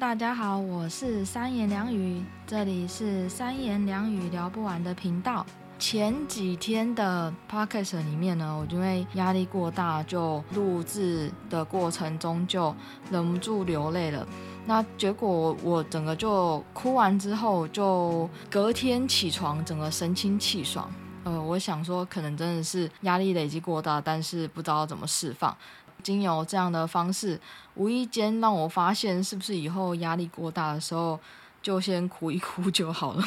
大家好，我是三妍良語，這裡是三妍良語聊不完的頻道。前幾天的 podcast 裡面呢，我就因為壓力過大，就錄制的過程中就忍不住流淚了。那結果我整個就哭完之後，就隔天起床，整個神清氣爽。呃，我想說，可能真的是壓力累積過大，但是不知道怎麼釋放。經由這樣的方式，無意間讓我發現，是不是以後壓力過大的時候，就先哭一哭就好了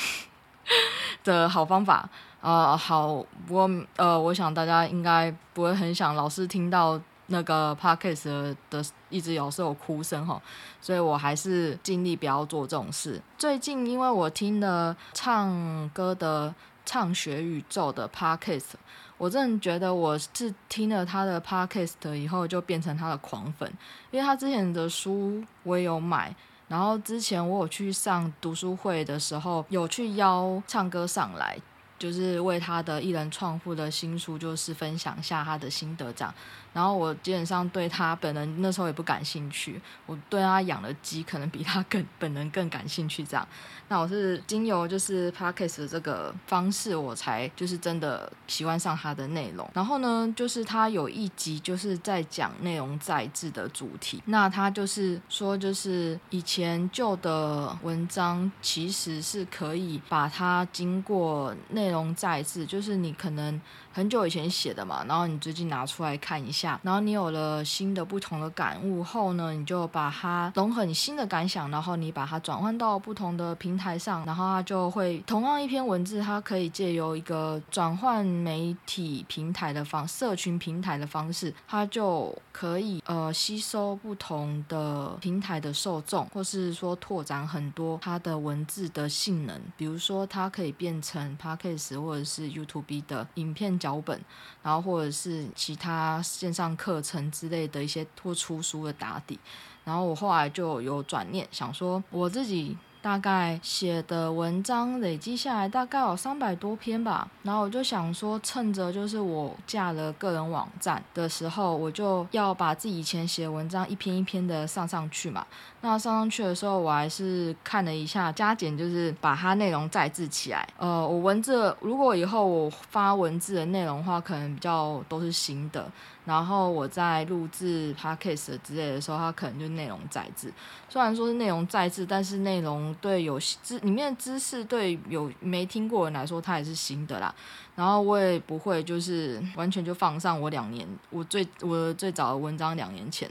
的好方法啊、呃？好，不過呃，我想大家應該不會很想老是聽到那個 podcast 的一直有時候哭聲哈，所以我還是盡力不要做這種事。最近因為我聽的唱歌的唱學宇宙的 podcast 我真的覺得我是聽了他的 podcast 以後就變成他的狂粉，因為他之前的書我也有買，然後之前我有去上讀書會的時候有去邀唱歌上來，就是為他的《一人創富》的新書就是分享下他的心得這樣。然後我基本上對他本人那時候也不感興趣，我對他養的雞可能比他更本人更感興趣。這樣，那我是經由就是 podcast 這個方式，我才就是真的喜歡上他的內容。然後呢，就是他有一集就是在講內容再制的主題，那他就是說，就是以前舊的文章其實是可以把它經過內容再制，就是你可能很久以前寫的嘛，然後你最近拿出來看一下。然後你有了新的不同的感悟後呢，你就把它融合你新的感想，然後你把它轉換到不同的平台上，然後它就會同樣一篇文字，它可以借由一個轉換媒體平台的方社群平台的方式，它就可以呃吸收不同的平台的受眾，或是說拓展很多它的文字的性能，比如說它可以變成 Podcast 或者是 YouTube 的影片腳本，然後或者是其他現上課程之類的一些或出書的打底，然後我後來就有轉念想說，我自己大概寫的文章累積下來大概有三百多篇吧，然後我就想說，趁着就是我架了個人網站的時候，我就要把自己以前寫的文章一篇一篇的上上去嘛。那上上去的時候，我還是看了一下加減，就是把它內容再製起來。呃，我文字如果以後我發文字的內容的話，可能比較都是新的。然後我在錄制 podcast 之類的時候，它可能就內容再製。雖然說是內容再製，但是內容對有知裡面的知識對有沒聽過的人來說，它也是新的啦。然後我也不會就是完全就放上我兩年，我最我最早的文章兩年前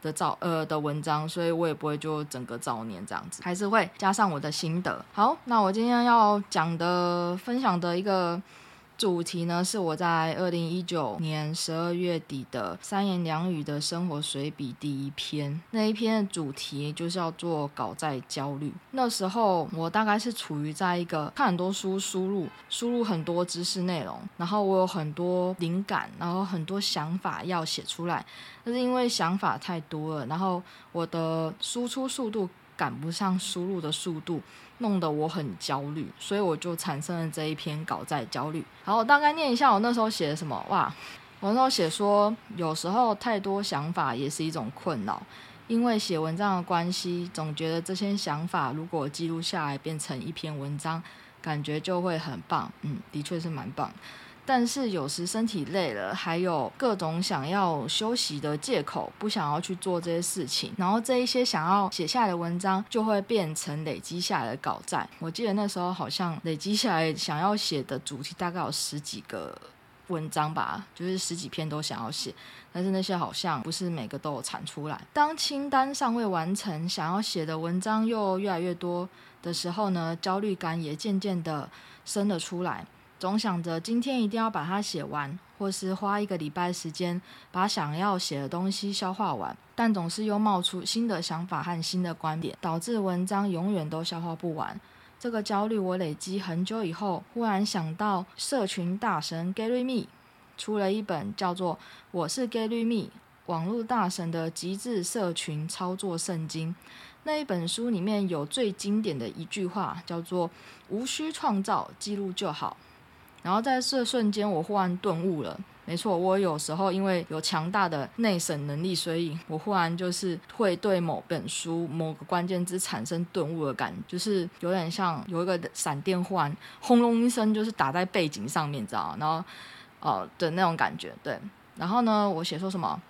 的早呃的文章，所以我也不會就整個照念這樣子，還是會加上我的心得。好，那我今天要講的分享的一個。主題呢是我在二零一九年十二月底的三妍良語的生活隨筆第一篇，那一篇的主題就是要做稿債焦慮。那時候我大概是處於在一個看很多書，輸入輸入很多知識內容，然後我有很多靈感，然後很多想法要寫出來，但是因為想法太多了，然後我的輸出速度。趕不上輸入的速度，弄得我很焦慮，所以我就產生了這一篇稿債焦慮。然後我大概念一下我那時候寫的什麼，哇，我那時候寫說有時候太多想法也是一種困擾，因為寫文章的關係，總覺得這些想法如果記錄下來變成一篇文章，感覺就會很棒。嗯，的確是蠻棒的。但是有時身體累了，還有各種想要休息的借口，不想要去做這些事情。然後這一些想要寫下來的文章，就會變成累積下來的稿債。我記得那時候好像累積下來想要寫的主題大概有十幾個文章吧，就是十幾篇都想要寫，但是那些好像不是每個都有產出來。當清單尚未完成，想要寫的文章又越來越多的時候呢，焦慮感也漸漸的生了出來。總想着今天一定要把它寫完，或是花一個禮拜時間把想要寫的東西消化完，但總是又冒出新的想法和新的觀點，導致文章永遠都消化不完。這個焦慮我累積很久以後，忽然想到社群大神 Gary Vee 出了一本叫做《我是 Gary Vee 網絡大神的極致社群操作聖經》。那一本書裡面有最經典的一句話，叫做“無需創造，記錄就好”。然後在這瞬間，我忽然頓悟了。沒錯，我有時候因為有強大的內省能力，所以我忽然就是會對某本書、某個關鍵字產生頓悟的感覺，就是有點像有一個閃電，忽然轟隆一聲，就是打在背景上面，你知道嗎？然後，呃、哦、的那種感覺。對，然後呢，我寫說什麼？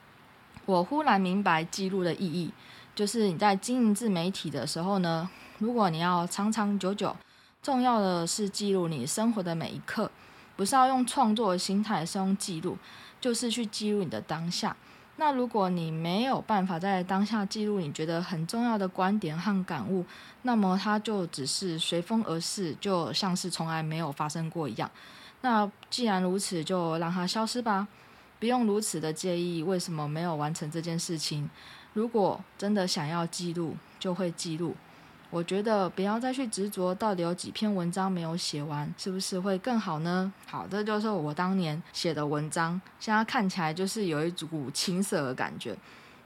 我忽然明白記錄的意義，就是你在經營自媒體的時候呢，如果你要長長久久，重要的是記錄你生活的每一刻。不是要用創作的心態，是用記錄，就是去記錄你的當下。那如果你沒有辦法在當下記錄你覺得很重要的觀點和感悟，那麼它就只是隨風而逝，就像是從來沒有發生過一樣。那既然如此，就讓它消失吧，不用如此的介意為什麼沒有完成這件事情。如果真的想要記錄，就會記錄。我覺得不要再去執着到底有幾篇文章沒有寫完，是不是會更好呢？好，這就是我當年寫的文章，現在看起來就是有一股青澀的感覺。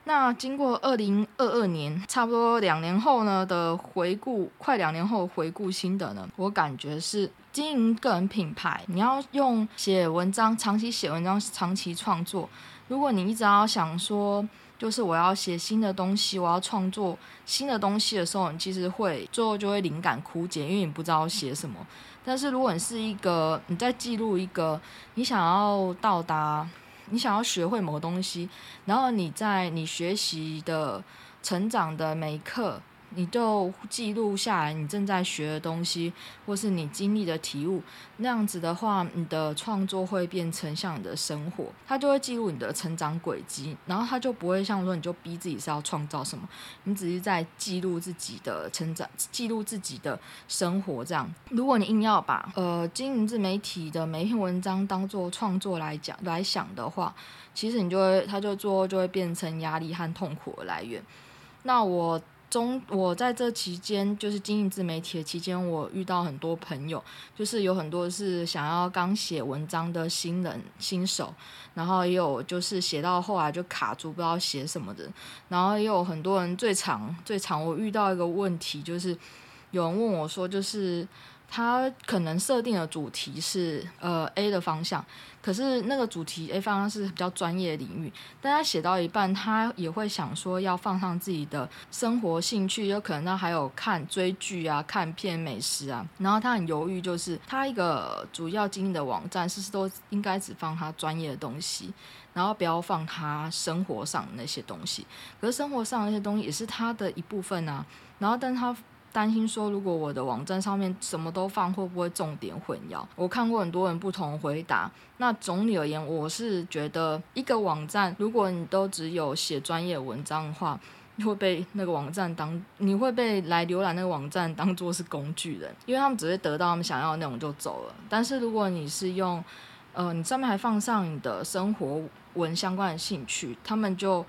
那經過二零二二年，差不多兩年後呢的回顧，快兩年後的回顧心得呢，我感覺是經營個人品牌，你要用寫文章，長期寫文章，長期創作。如果你一直要想說。就是我要寫新的東西，我要創作新的東西的時候，你其實會最後就會靈感枯竭，因為你不知道寫什麼。但是如果你是一個你在記錄一個你想要到達、你想要學會某個東西，然後你在你學習的成長的每一刻。你就記錄下來，你正在學的東西，或是你經歷的體悟，那樣子的話，你的創作會變成像你的生活，它就會記錄你的成長軌跡，然後它就不會像說你就逼自己是要創造什麼，你只是在記錄自己的成長，記錄自己的生活這樣。如果你硬要把呃經營自媒體的每一篇文章當做創作來講來想的話，其實你就會它就最後就會變成壓力和痛苦的來源。那我。中，我在這期間，就是經營自媒體的期間，我遇到很多朋友，就是有很多是想要剛寫文章的新人新手，然後也有就是寫到後來就卡住，不知道寫什麼的，然後也有很多人最常最常，我遇到一個問題，就是有人問我說，就是。他可能設定的主題是呃 A 的方向，可是那個主題 A 方向是比較專業的領域，但他寫到一半，他也會想說要放上自己的生活興趣，有可能他還有看追劇啊、看片、美食啊，然後他很猶豫，就是他一個主要經營的網站，是不是都應該只放他專業的東西，然後不要放他生活上那些東西？可是生活上那些東西也是他的一部分啊，然後但他。擔心說，如果我的網站上面什麼都放，會不會重點混淆？我看過很多人不同的回答。那總體而言，我是覺得一個網站，如果你都只有寫專業文章的話，你會被那個網站當你會被來瀏覽那個網站當做是工具人，因為他們只會得到他們想要的內容就走了。但是如果你是用，呃，你上面還放上你的生活文相關的興趣，他們就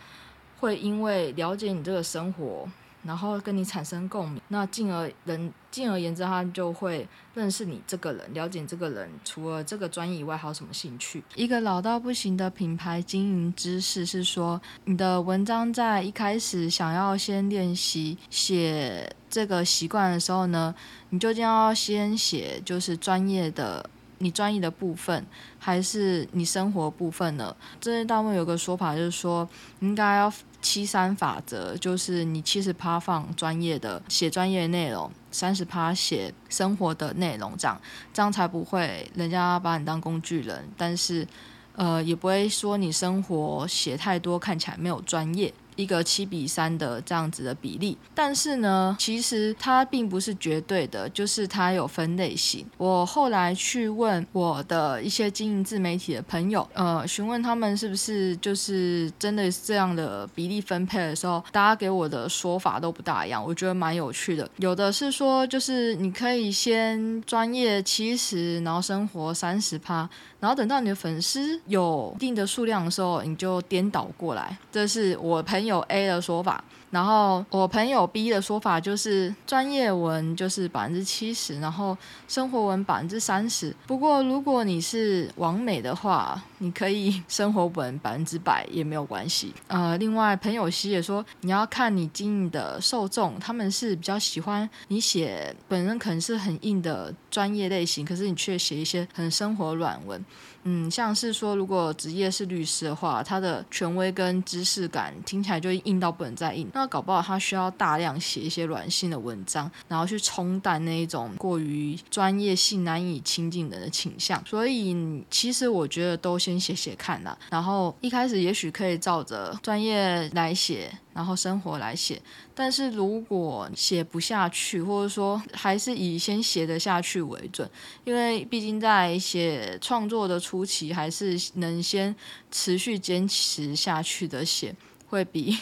會因為了解你這個生活。然後跟你產生共鳴，那進而，人，進而言之，他就會認識你這個人，了解這個人，除了這個專業以外，還有什麼興趣。一個老到不行的品牌經營知識是說，你的文章在一開始想要先練習寫這個習慣的時候呢，你究竟要先寫就是專業的。你專業的部分還是你生活部分呢？這些大部分有個說法，就是說應該要七三法則，就是你七十趴放專業的寫專業內容，三十趴寫生活的內容，這樣這樣才不會人家把你當工具人，但是呃也不會說你生活寫太多，看起來沒有專業。一個七比三的這樣子的比例，但是呢，其實它並不是絕對的，就是它有分類型。我後來去問我的一些經營自媒體的朋友，呃，詢問他們是不是就是真的是這樣的比例分配的時候，大家給我的說法都不大一樣，我覺得蠻有趣的。有的是說，就是你可以先專業七十，然後生活三十趴，然後等到你的粉絲有一定的數量的時候，你就顛倒過來。這是我拍。朋友 A 的說法，然後我朋友 B 的說法就是專業文就是百分之七十，然後生活文百分之三十。不過如果你是網美的話，你可以生活文百分之百也沒有關係。呃，另外朋友 C 也說，你要看你經營的受眾，他們是比較喜歡你寫，本人，可能是很硬的專業類型，可是你卻寫一些很生活軟文。嗯，像是說，如果職業是律師的話，他的權威跟知識感聽起來就硬到不能再硬。那搞不好他需要大量寫一些軟性的文章，然後去沖淡那一種過於專業性難以親近人的傾向。所以，其實我覺得都先寫寫看啦。然後一開始也許可以照着專業來寫。然後生活來寫，但是如果寫不下去，或者說還是以先寫得下去為準，因為畢竟在寫創作的初期，還是能先持續堅持下去的寫。會比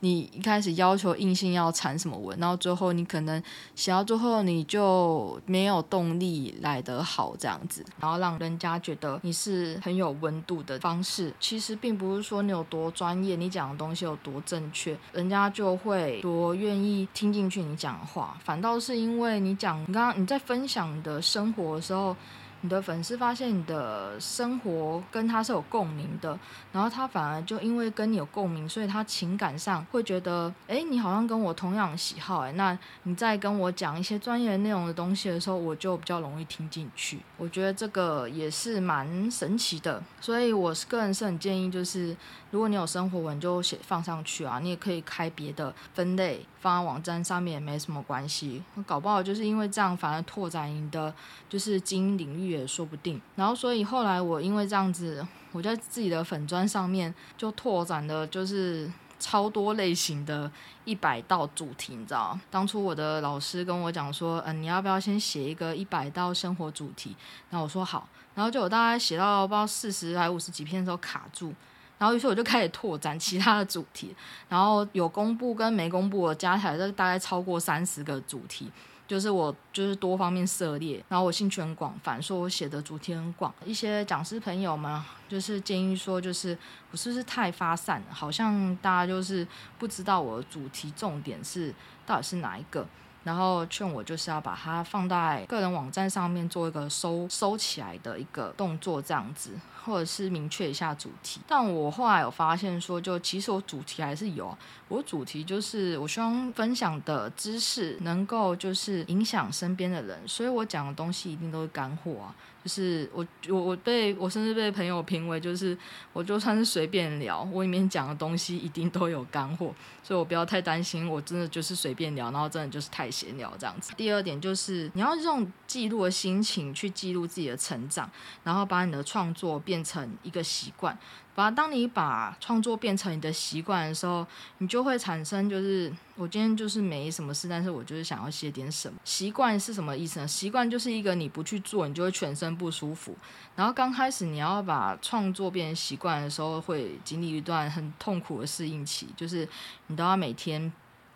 你一開始要求硬性要纏什麼文，然後最後你可能寫到最後你就沒有動力來得好這樣子，然後讓人家覺得你是很有溫度的方式，其實並不是說你有多專業，你講的東西有多正確，人家就會多願意聽進去你講話，反倒是因為你講，你剛剛你在分享的生活的時候，你的粉絲發現你的生活跟他是有共鳴的，然後他反而就因為跟你有共鳴，所以他情感上會覺得，哎，你好像跟我同樣喜好，誒，那你在跟我講一些專業內容的東西的時候，我就比較容易聽進去。我覺得這個也是蠻神奇的，所以我是個人是很建議就是。如果你有生活文，就寫放上去啊。你也可以開別的分類，放在網站上面也沒什麼關係。搞不好就是因為這樣，反而拓展你的就是經營領域也說不定。然後，所以後來我因為這樣子，我在自己的粉專上面就拓展的，就是超多類型的一百道主題。你知道，當初我的老師跟我講說，嗯、呃，你要不要先寫一個一百道生活主題？然後我說好。然後就我大概寫到不知道四十還是五十幾篇的時候卡住。然後於是我就開始拓展其他的主題，然後有公布跟沒公布的加起來，就大概超過三十個主題，就是我就是多方面涉獵。然後我興趣很廣泛，反而說我寫的主題很廣。一些講師朋友們就是建議說，就是我是不是太發散了？好像大家就是不知道我主題重點是到底是哪一個。然後勸我就是要把它放在個人網站上面做一個收收起來的一個動作，這樣子，或者是明確一下主題。但我後來有發現說就，就其實我主題還是有啊，我主題就是我希望分享的知識能夠就是影響身邊的人，所以我講的東西一定都是乾貨啊。就是我我我被我甚至被朋友評為，就是我就算是隨便聊，我裡面講的東西一定都有乾貨，所以我不要太擔心。我真的就是隨便聊，然後真的就是太閒聊這樣子。第二點就是你要用這種記錄的心情去記錄自己的成長，然後把你的創作變成一個習慣。反當你把創作變成你的習慣的時候，你就會產生，就是我今天就是沒什麼事，但是我就是想要寫點什麼。習慣是什麼意思呢？習慣就是一個你不去做，你就會全身不舒服。然後剛開始你要把創作變成習慣的時候，會經歷一段很痛苦的適應期，就是你都要每天。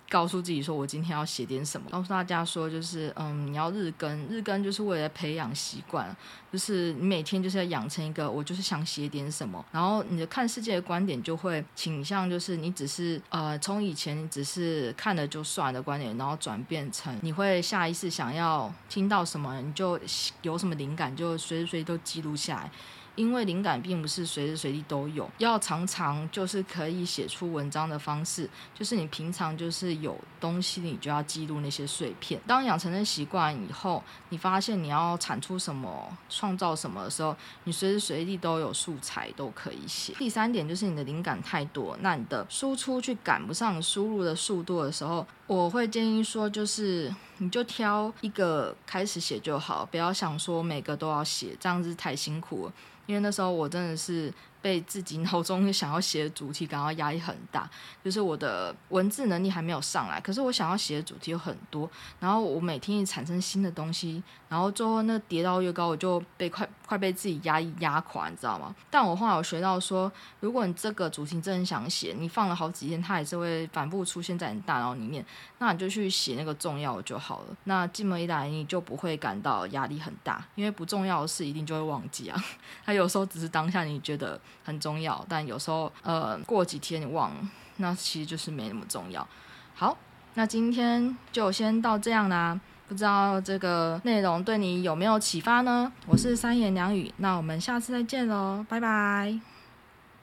告訴自己說，我今天要寫點什麼。告訴大家說，就是嗯，你要日更，日更就是為了培養習慣，就是你每天就是要養成一個，我就是想寫點什麼，然後你的看世界的觀點就會傾向，就是你只是呃，從以前只是看了就算的觀點，然後轉變成你會下一次想要聽到什麼，你就有什麼靈感，就隨時隨地都記錄下來。因為靈感並不是隨時隨地都有，要常常就是可以寫出文章的方式，就是你平常就是有東西，你就要記錄那些碎片。當養成這習慣以後，你發現你要產出什麼、創造什麼的時候，你隨時隨地都有素材都可以寫。第三點就是你的靈感太多，那你的輸出去趕不上輸入的速度的時候，我會建議說，就是你就挑一個開始寫就好，不要想說每個都要寫，這樣子太辛苦了。因為那時候我真的是。被自己腦中想要寫的主題感到壓力很大，就是我的文字能力還沒有上來，可是我想要寫的主題有很多。然後我每天一產生新的東西，然後最後那疊到越高，我就被快快被自己壓抑壓垮，你知道嗎？但我後來我學到說，如果你這個主題真的想寫，你放了好幾天，它也是會反復出現在你大腦裡面，那你就去寫那個重要的就好了。那這麼一來，你就不會感到壓力很大，因為不重要的事一定就會忘記啊。它有時候只是當下你覺得。很重要，但有時候，呃，過幾天你忘了，那其實就是沒那麼重要。好，那今天就先到這樣啦。不知道這個內容對你有沒有啟發呢？我是三妍良語，那我們下次再見嘍，拜拜。